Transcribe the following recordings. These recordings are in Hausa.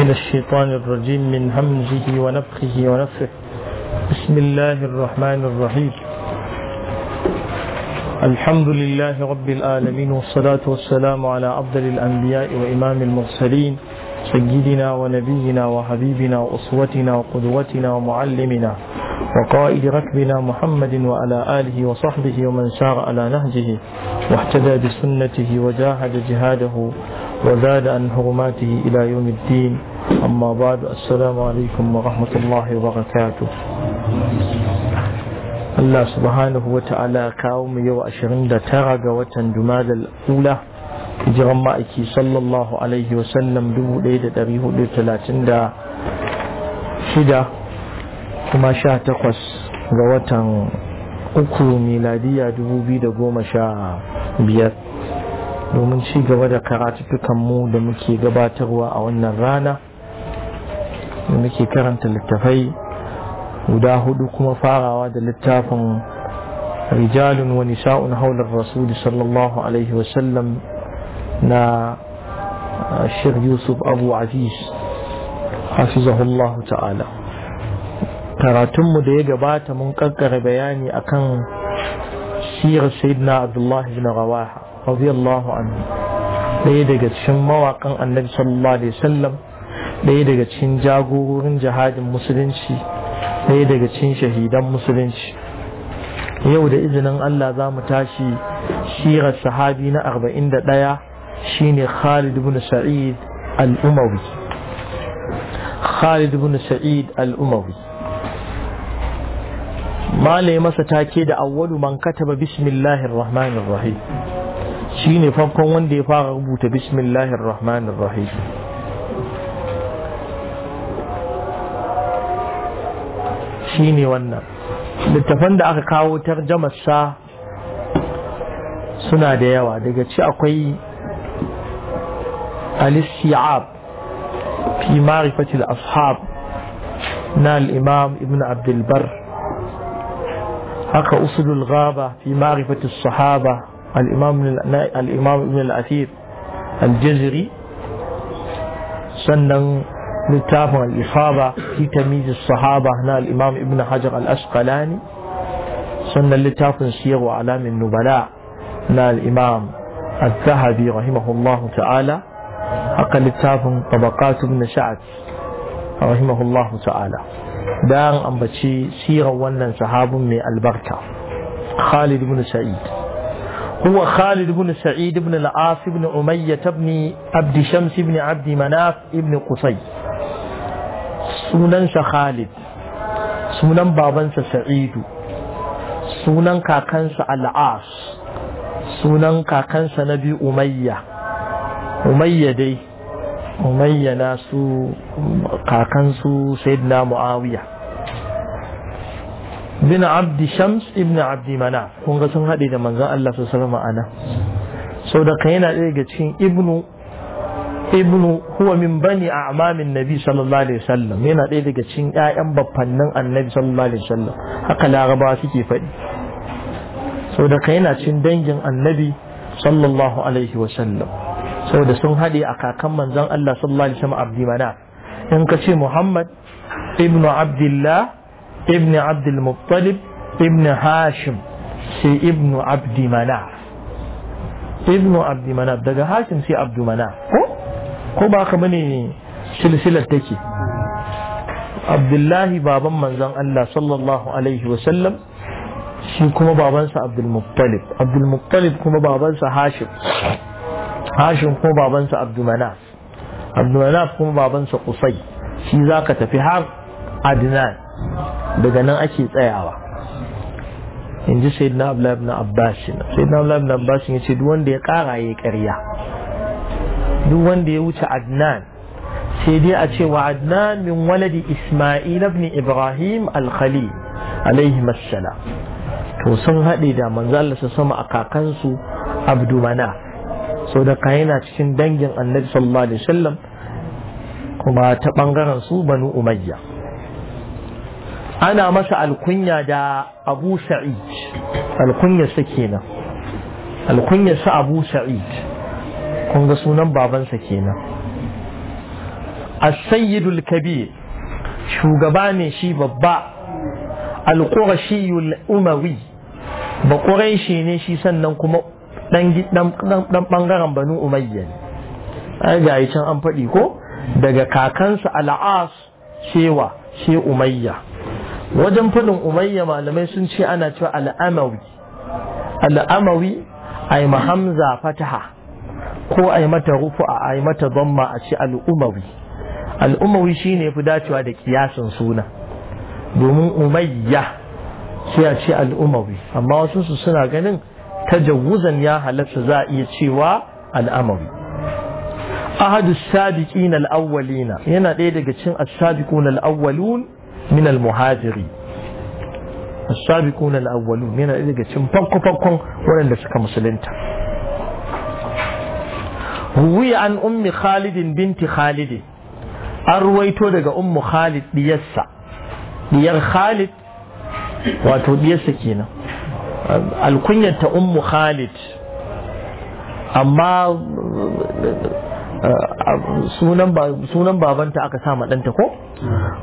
من الشيطان الرجيم من همزه ونفخه ونفخه بسم الله الرحمن الرحيم الحمد لله رب العالمين والصلاة والسلام على أفضل الأنبياء وإمام المرسلين سيدنا ونبينا وحبيبنا وأسوتنا وقدوتنا ومعلمنا وقائد ركبنا محمد وعلى آله وصحبه ومن سار على نهجه واحتدى بسنته وجاهد جهاده وزاد عن حرماته إلى يوم الدين أما بعد السلام عليكم ورحمة الله وبركاته Allah subhanahu wa ta'ala kawo mu yau ashirin da tara ga watan Jumadal Ula jiran ma'aiki sallallahu alaihi wasallam shida kuma sha takwas ga watan uku miladiya biyar domin ci gaba da karatuttukan mu da muke gabatarwa a wannan rana da muke karanta littafai guda hudu kuma farawa da littafin rijalun wa nisa'un haular rasuli sallallahu alaihi wasallam na ah, shir yusuf abu aziz hafizahullahu ta'ala karatunmu da ya gabata mun kakkara bayani akan sirar sayyidina abdullahi bin rawaha radiyallahu anhu ɗaya daga cikin mawaƙan annabi sallallahu alaihi wasallam ɗaya daga cikin jagororin jihadin musulunci ɗaya daga cikin shahidan musulunci yau da izinin Allah za mu tashi shirar sahabi na 41 shine Khalid ibn Sa'id al-Umawi Khalid ibn Sa'id al-Umawi malai masa take da awwalu man kataba bismillahir rahmanir rahim shine farkon wanda ya fara rubuta bismillahir rahmanir rahim shi ne wannan littafan da aka kawo tarjamarsa suna da yawa daga ci akwai Ali istiab fi ma'rifati al-ashab na al-imam ibn Abdulbar haka usulul gaba fi ma'rifati sahaba al-imam ibn al-athir al sannan نتابع الإصابة في تمييز الصحابة هنا الإمام ابن حجر الأسقلاني سنة لتاف سيغ أعلام النبلاء هنا الإمام الذهبي رحمه الله تعالى أقل لتاف طبقات ابن شعث رحمه الله تعالى دان أم بشي سيغ ونا صحاب من البركة خالد بن سعيد هو خالد بن سعيد بن العاص بن أمية بن عبد شمس بن عبد مناف بن قصي sunansa Khalid sunan babansa Sa'idu sunan kakansa Al'as sunan kakansa na biyu Umayya Umayya dai Umayya na su kakansu Sayyidina Muawiya bin Abdi Shams ibn Abdi Mana kun ga sun haɗe da manzon Allah sallallahu alaihi ana sau da yana ɗaya daga cikin ibnu ibnu huwa min bani a a'mamin nabi sallallahu alaihi wasallam yana ɗaya daga cikin ƴaƴan baffannin annabi sallallahu alaihi wasallam haka laraba suke faɗi saboda kai yana cikin dangin annabi sallallahu alaihi wasallam saboda sun haɗe a kakan manzon Allah sallallahu alaihi wasallam abdi mana in ka ce Muhammad ibnu Abdullah ibnu Abdul Muttalib ibnu Hashim sai ibnu Abdi mana. ibnu Abdi mana daga Hashim sai Abdu mana. ko ko ba ka ne silsilar take abdullahi baban manzon Allah sallallahu alaihi wasallam shi kuma babansa abdulmuttalib abdulmuttalib kuma babansa hashim hashim kuma babansa abdumanaf abdumanaf kuma babansa kusai shi za ka tafi har adnan daga nan ake tsayawa in ji sayyidina abdullahi ibn abbas sayyidina abdullahi ibn abbas ya ce duk wanda ya kara ya karya duk wanda ya wuce adnan sai dai a ce wa adnan min waladi isma'il ibn ibrahim al-khalil alaihi masala to sun haɗe da manzo Allah su sama a kakansu abdumana so da ka yana cikin dangin annabi sallallahu alaihi wasallam kuma ta bangaren su banu umayya ana masa alkunya da abu sa'id alkunya sa kenan alkunya sa abu sa'id kun ga sunan babansa kenan as-sayyidul kabir shugaba ne shi babba al-qurashiyul umawi ba quraishi ne shi sannan kuma dan dan bangaren banu umayya ai ga can an faɗi ko daga kakansa al-as cewa shi umayya wajen faɗin umayya malamai sun ce ana cewa al-amawi al-amawi ai mahamza fataha ko a yi mata rufu a yi mata zamma a ce al'umawi al'umawi shi ne fi dacewa da kiyasin suna domin umayya sai a ce al'umawi amma wasu su suna ganin tajawuzan ya halatta za a iya cewa al'amawi ahadu sabiqina na al'awwalina yana ɗaya daga cin as na al'awwalun min al-muhajiri as na al'awwalun yana ɗaya daga cin farko farkon waɗanda suka musulunta ruwi an ummi khalidin binti Khalidi an ruwaito daga ummu khalid diyarsa diyar khalid wato diyarsa kenan alkunyarta ummu khalid amma sunan babanta aka sa ɗanta ko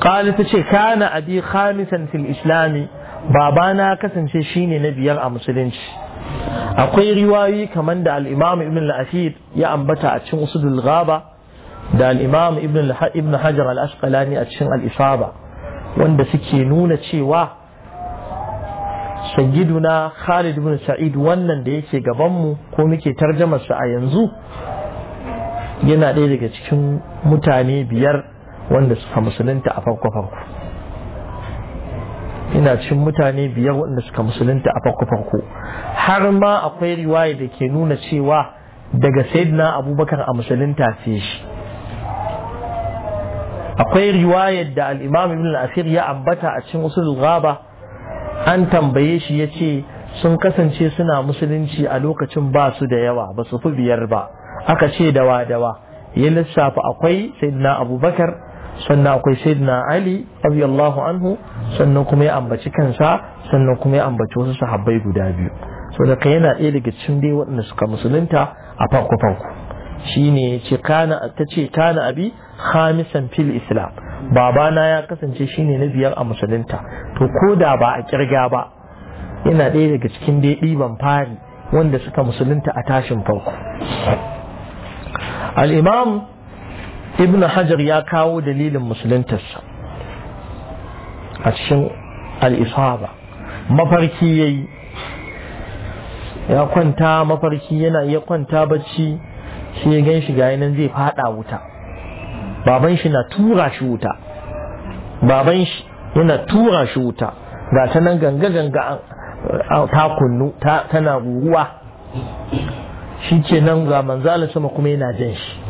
ƙali ta ce kana abi khamisan fil islami babana kasance shine na biyar a musulunci akwai riwayoyi kamar da Al'imam imam ibn al ya ambata a cikin usudul ghaba da Al'imam imam ibn hajar al-asqalani a cikin al wanda suke nuna cewa sayyiduna Khalid ibn Sa'id wannan da yake gabanmu, ko muke tarjamar sa a yanzu yana ɗaya daga cikin mutane biyar wanda suka musulunta a farko farko ina cin mutane biyar waɗanda suka musulunta a farko farko har ma akwai riwaya da ke nuna cewa daga sayyidina abubakar a musulunta ce shi akwai riwaya da Al'imami imam ibn ya ambata a cikin wasu ghaba an tambaye shi ya ce sun kasance suna musulunci a lokacin ba su da yawa ba su fi biyar ba aka ce dawa dawa ya lissafa akwai sayyidina abubakar sannan akwai sayyidina ali radiyallahu anhu sannan kuma ya ambaci kansa sannan kuma ya ambaci wasu sahabbai guda biyu saboda ka yana ɗaya daga cikin dai waɗanda suka musulunta a farko farko shine ce kana ta ce kana abi khamisan fil islam babana ya kasance shine na biyar a musulunta to ko da ba a kirga ba yana ɗaya daga cikin dai ɗiban fari wanda suka musulunta a tashin farko al-imam ibn hajar ya kawo dalilin musuluntarsa a cikin al'isaba mafarki ya yi ya kwanta mafarki yana iya kwanta bacci shi ya gan shi nan zai fada wuta baban shi na tura shi wuta baban shi yana tura shi wuta ga ta nan ganga ganga ta kunnu tana ruwa shi ke nan ga manzalin sama kuma yana jan shi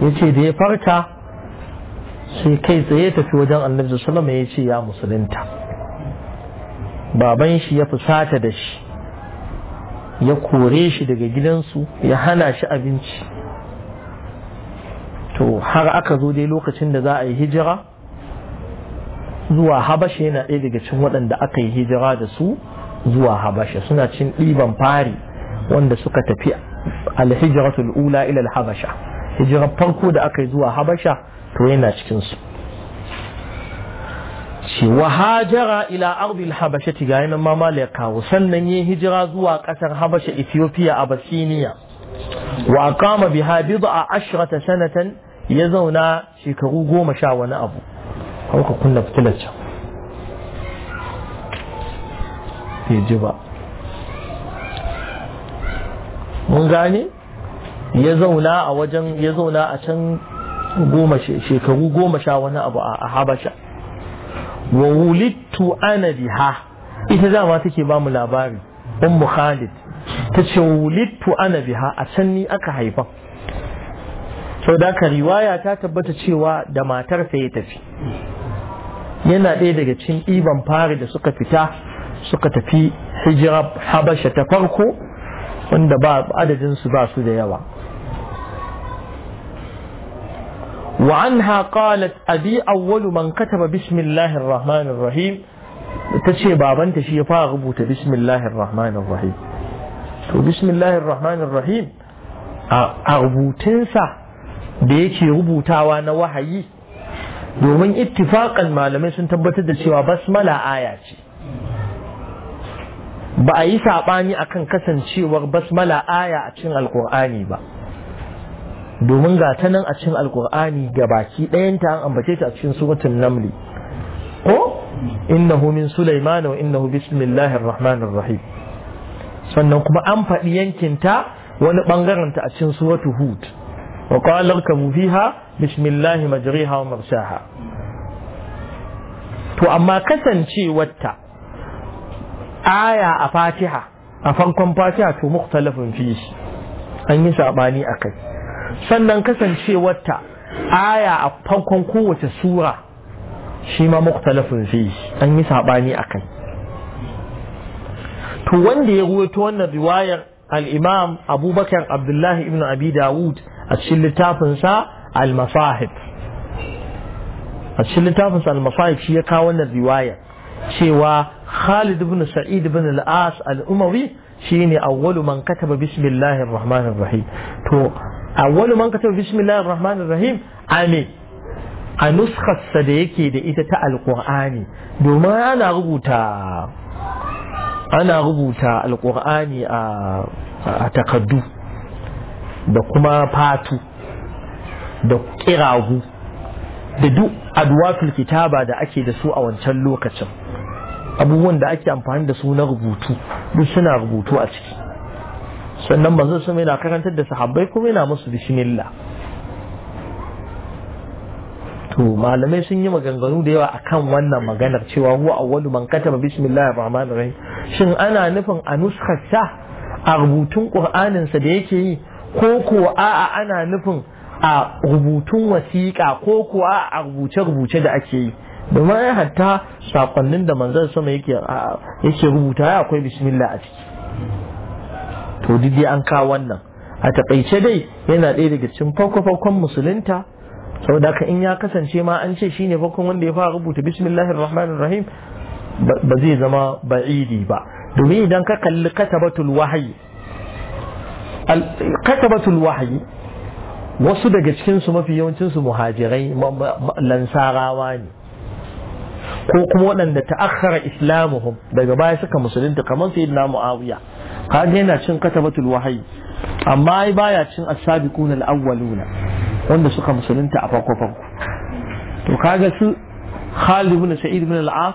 ya ce da ya farka sai kai tsaye tafi wajen annabi sallama ya ce ya musulunta baban shi ya fusata da shi ya kore shi daga gidansu ya hana shi abinci to har aka zo dai lokacin da za a yi hijira zuwa habasha yana ɗaya daga cikin waɗanda aka yi hijira da su zuwa habasha suna cin ɗiban fari wanda suka tafi alhijiratul ula ila habasha hijirar farko da aka yi zuwa habasha to yana cikin su ce wa hajara ila ardil habasha ti gayi mamale ya kawo sannan yin hijira zuwa kasar habasha ethiopia Basiniya. wa qama biha bid'a ashrata sanatan ya zauna shekaru goma sha wani abu hauka kunna fitilar can mun gane ya zauna a wajen ya zauna a can goma shekaru goma sha wani abu a habasha wa wulittu ana biha ita dama take ba mu labari ummu khalid ta ce wulittu ana biha a can ni aka haifa sau da ka riwaya ta tabbata cewa da matarsa ya tafi yana ɗaya daga cikin ɗiban fari da suka fita suka tafi hijira habasha ta farko wanda ba adadinsu ba su da yawa وعنها قالت أبي أول من كتب بسم الله الرحمن الرحيم تشي بابن تشي فاغبوت بسم الله الرحمن الرحيم بسم الله الرحمن الرحيم أغبوتنسا بيكي غبوتا وانا وحيي ومن اتفاقا ما لم يسن تبتد سوى بسم لا آيات ba a أكن كسن سوى بسم لا آيات القرآن cikin domin ga ta nan a cikin alkur'ani ga baki ɗayanta an ambace ta a cikin suratul namli ko innahu min sulaiman wa innahu bismillahir rahmanir rahim sannan kuma an faɗi yankin ta wani bangaren ta a cikin suratul hud wa qala larkabu fiha bismillah majriha wa marsaha to amma kasancewarta aya a fatiha a farkon fatiha to mukhtalafun fi an yi sabani akai sannan kasancewarta aya a farkon kowace sura shi ma muktalafin fi an yi saɓani a kai to wanda ya ruwaito wannan riwayar al-imam abubakar abdullahi ibn abi dawud a cikin littafinsa al-masahib a cikin littafinsa al-masahib shi ya kawo wannan riwayar cewa Khalid ibn Sa'id ibn al-As al umari shine awwalu man kataba bismillahir rahmanir rahim to awwalu man kataba bismillahir rahmanir rahim ame a nuskarsa da yake da ita ta alkur'ani domin ana rubuta ana rubuta alkur'ani a takaddu da kuma fatu da kiragu da duk adwatul kitaba da ake da su a wancan lokacin abubuwan da ake amfani da su na rubutu duk suna rubutu a ciki sannan manzo sun yana karantar da sahabbai kuma yana musu bismillah to malamai sun yi maganganu da yawa akan wannan maganar cewa huwa awwalu man kataba bismillahir rahmanir rahim shin ana nufin a nuskharsa a rubutun qur'anin da yake yi ko ko a'a ana nufin a rubutun wasiƙa ko ko a rubuce rubuce da ake yi domin hatta saƙonnin da manzon sama yake rubuta ya akwai bismillah a ciki to duk an kawo wannan a taƙaice dai yana ɗaya daga cikin farko-farkon musulunta saboda ka in ya kasance ma an ce shine farkon wanda ya fara rubuta bismillahir rahmanir rahim ba zai zama ba'idi ba domin idan ka kalli katabatul wahayi katabatul wahayi wasu daga cikinsu mafi yawancin su muhajirai lansarawa ne ko kuma waɗanda ta'akhkhara islamuhum daga baya suka musulunta kamar sayyidina muawiya kaga yana cin katabatul wahayi amma ai baya cin as-sabiquna al-awwaluna wanda suka musulunta a farko farko to kaga su Khalid ibn Sa'id ibn al-As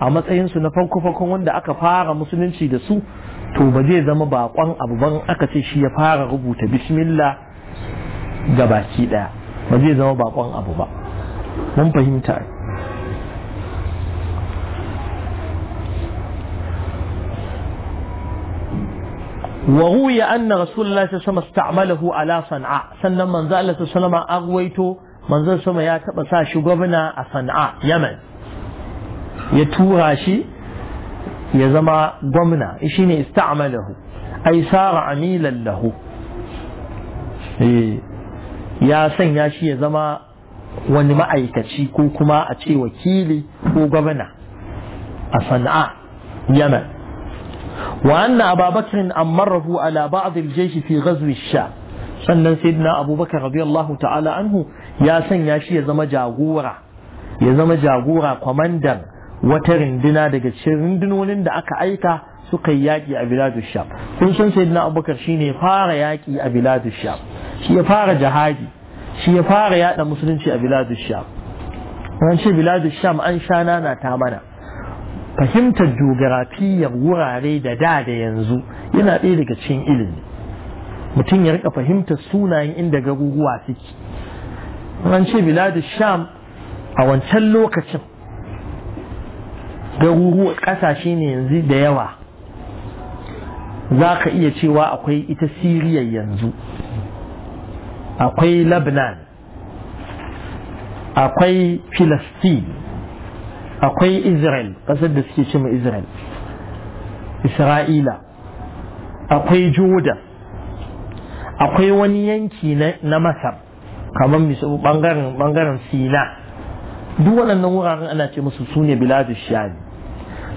a matsayin su na farko farkon wanda aka fara musulunci da su to ba zai zama bakon abu ban aka ce shi ya fara rubuta bismillah ga daya ba zai zama bakon abu ba mun fahimta وروي أن رسول الله صلى الله عليه وسلم استعمله على صنعاء سنة من ذا الله صلى الله عليه أغويته من ذا سما يا تبسا شغبنا صنعاء يمن يتوها شي يزما قمنا إشيني استعمله أي صار عميلا له إيه. يا سن يا شي يزما wani ma'aikaci ko kuma a ce wakili ko gwamna a sana'a yaman وأن أبا بكر أمره على بعض الجيش في غزو الشام sannan sayyidina abubakar radiyallahu ta'ala anhu ya sanya shi ya zama jagora ya zama jagora kwamandan wata rinduna daga cikin rundunonin da aka aika su kai yaƙi a biladus sham kun san sayyidina abubakar shine fara yaƙi a biladus sham shi ya fara jihadi shi ya fara yaɗa musulunci a biladus sham an ce sham an sha nana ta mana fahimtar jogarafiyyar wurare da da da yanzu yana ɗaya daga cikin ilimi mutum ya rika fahimtar sunayen inda garuruwa suke an ce biladu sham a wancan lokacin garuruwa ƙasashe ne yanzu da yawa za ka iya cewa akwai ita siriya yanzu akwai lebanon akwai filastin akwai israel ƙasar da suke cima israel isra'ila akwai jordan akwai wani yanki na masar kamar misali bangaren bangaren sina duk waɗannan wuraren ana ce musu su ne biladu shami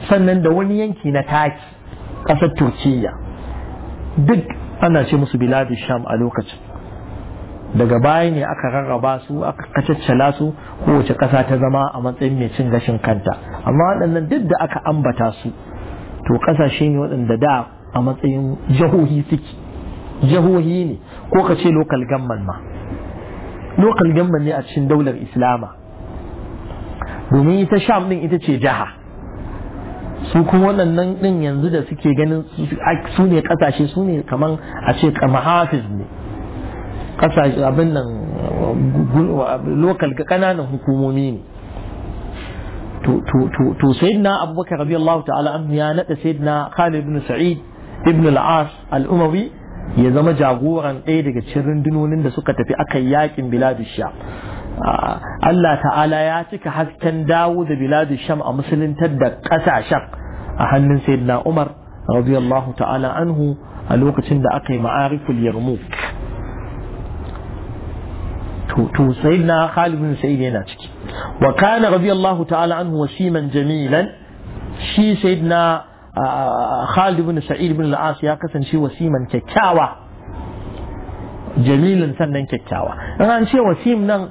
sannan da wani yanki na taki ƙasar turkiyya duk ana ce musu biladu sham a lokacin daga baya ne aka rarraba su aka kacaccala su kowace ƙasa ta zama a matsayin mai cin gashin kanta amma waɗannan duk da aka ambata su to ƙasashe ne waɗanda da a matsayin jahohi suke jahohi ne ko ka ce lokal gamman ma lokal gamman ne a cikin daular islama domin ita sham ɗin ita ce jiha su kuma waɗannan ɗin yanzu da suke ganin su ne ƙasashe su ne kamar a ce kama hafiz ne kasashe abin nan lokal kananan hukumomi ne to sayyidina abubakar Allah ta'ala an ya nada sayyidina Khalid ibn Sa'id ibn al al'umawi ya zama jagoran ɗaya daga cikin rundunonin da suka tafi akan yakin biladu sham Allah ta'ala ya cika hasken dawo da biladu sham a musuluntar da ƙasashen a hannun sayyidina Umar Allah ta'ala anhu a lokacin da aka yi ma'ariful yarmouk to sayyidina Khalid bin Sa'id yana ciki wa kana radiyallahu ta'ala anhu wasiman jamilan shi sayyidina Khalid bin Sa'id bin al-As ya kasance wasiman kyakkyawa jamilin sannan kyakkyawa an ce wasim nan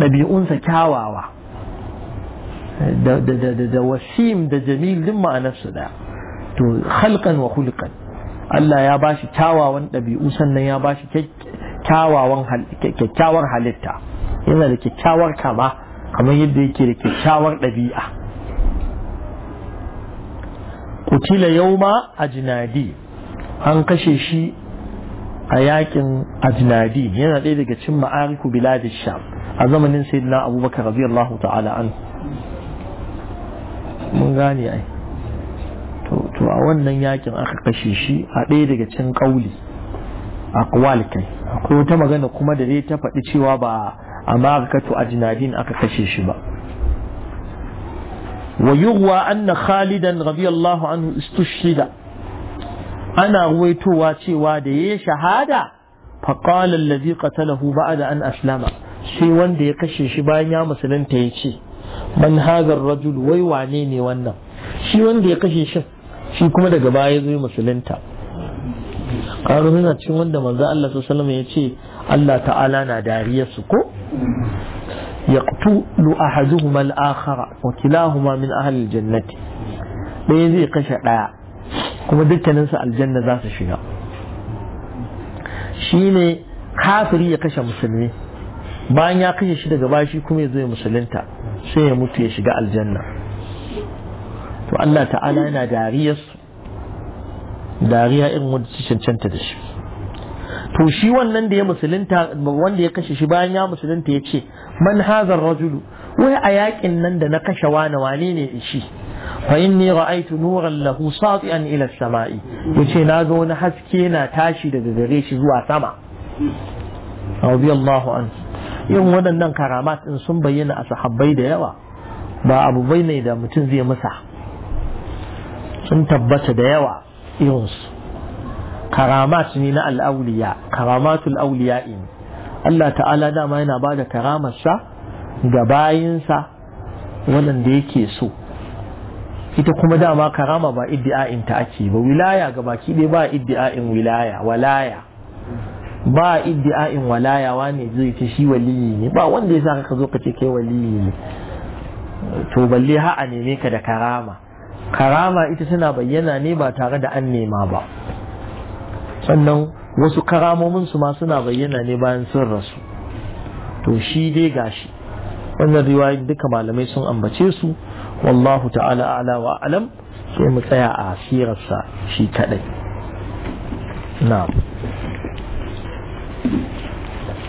ɗabi'unsa kyawawa da wasim da jamil din ma'anarsu da to halkan wa hulkan Allah ya bashi kyawawan ɗabi'u sannan ya bashi kyakkyawar halitta yana da kyakkyawar kama kamar yadda yake da kyakkyawar ɗabi'a kutila a jinadi an kashe shi a yakin ajnadi yana ɗaya daga cin ma'ariku biladish sham a zamanin sayyidina abubakar radiyallahu ta'ala an mun gane ai to a wannan yakin aka kashe shi a ɗaya daga cin ƙauli a kai ko ta magana kuma da zai ta faɗi cewa ba a a jinadin aka kashe shi ba wa an anna khalidan rabiyallahu anhu shida. ana ruwaitowa cewa da yayi shahada fa qala allazi ba da an aslama sai wanda ya kashe shi bayan ya musulunta yace man hagar rajul wai wane ne wannan shi wanda ya kashe shi shi kuma daga baya zai musulunta kaga suna cikin wanda manzo Allah sallallahu ya ce Allah ta'ala na dariya su ko yaqtulu ahaduhuma al-akhara wa kilahuma min ahli al-jannati ɗaya zai kashe ɗaya kuma dukkanin su aljanna za su shiga shine kafiri ya kashe musulmi bayan ya kashe shi daga bashi kuma ya zo ya musulunta sai ya mutu ya shiga aljanna to Allah ta'ala yana dariyar su dariya irin wanda su cancanta da shi to shi wannan da ya musulunta wanda ya kashe shi bayan ya musulunta ya ce man hazar rajulu wai a yakin nan da na kashe wani wane ne shi fa inni ra'aytu nuran lahu sati'an ila samai yace na ga wani haske na tashi daga gare shi zuwa sama radiyallahu an irin waɗannan karamat din sun bayyana a sahabbai da yawa ba abu bai ne da mutum zai musa sun tabbata da yawa irinsu karamat ne na al'auliya karamatul auliyai in Allah ta'ala dama yana ba da karamarsa ga bayinsa waɗanda yake so ita kuma dama karama ba iddi'a'in ta ake ba wilaya ga baki ɗaya ba iddi'a'in wilaya walaya ba iddi'a'in walaya wane zai ce shi waliyi ne ba wanda ya sa ka zo ka ce kai waliyi ne to balle ha a neme ka da karama karama ita tana bayyana ne ba tare da an nema ba sannan wasu karamomin su ma suna bayyana ne bayan sun rasu to shi dai gashi wannan riwayoyin duka malamai sun ambace su wallahu ta'ala ala wa alam sai mu tsaya a sirarsa shi kadai na'am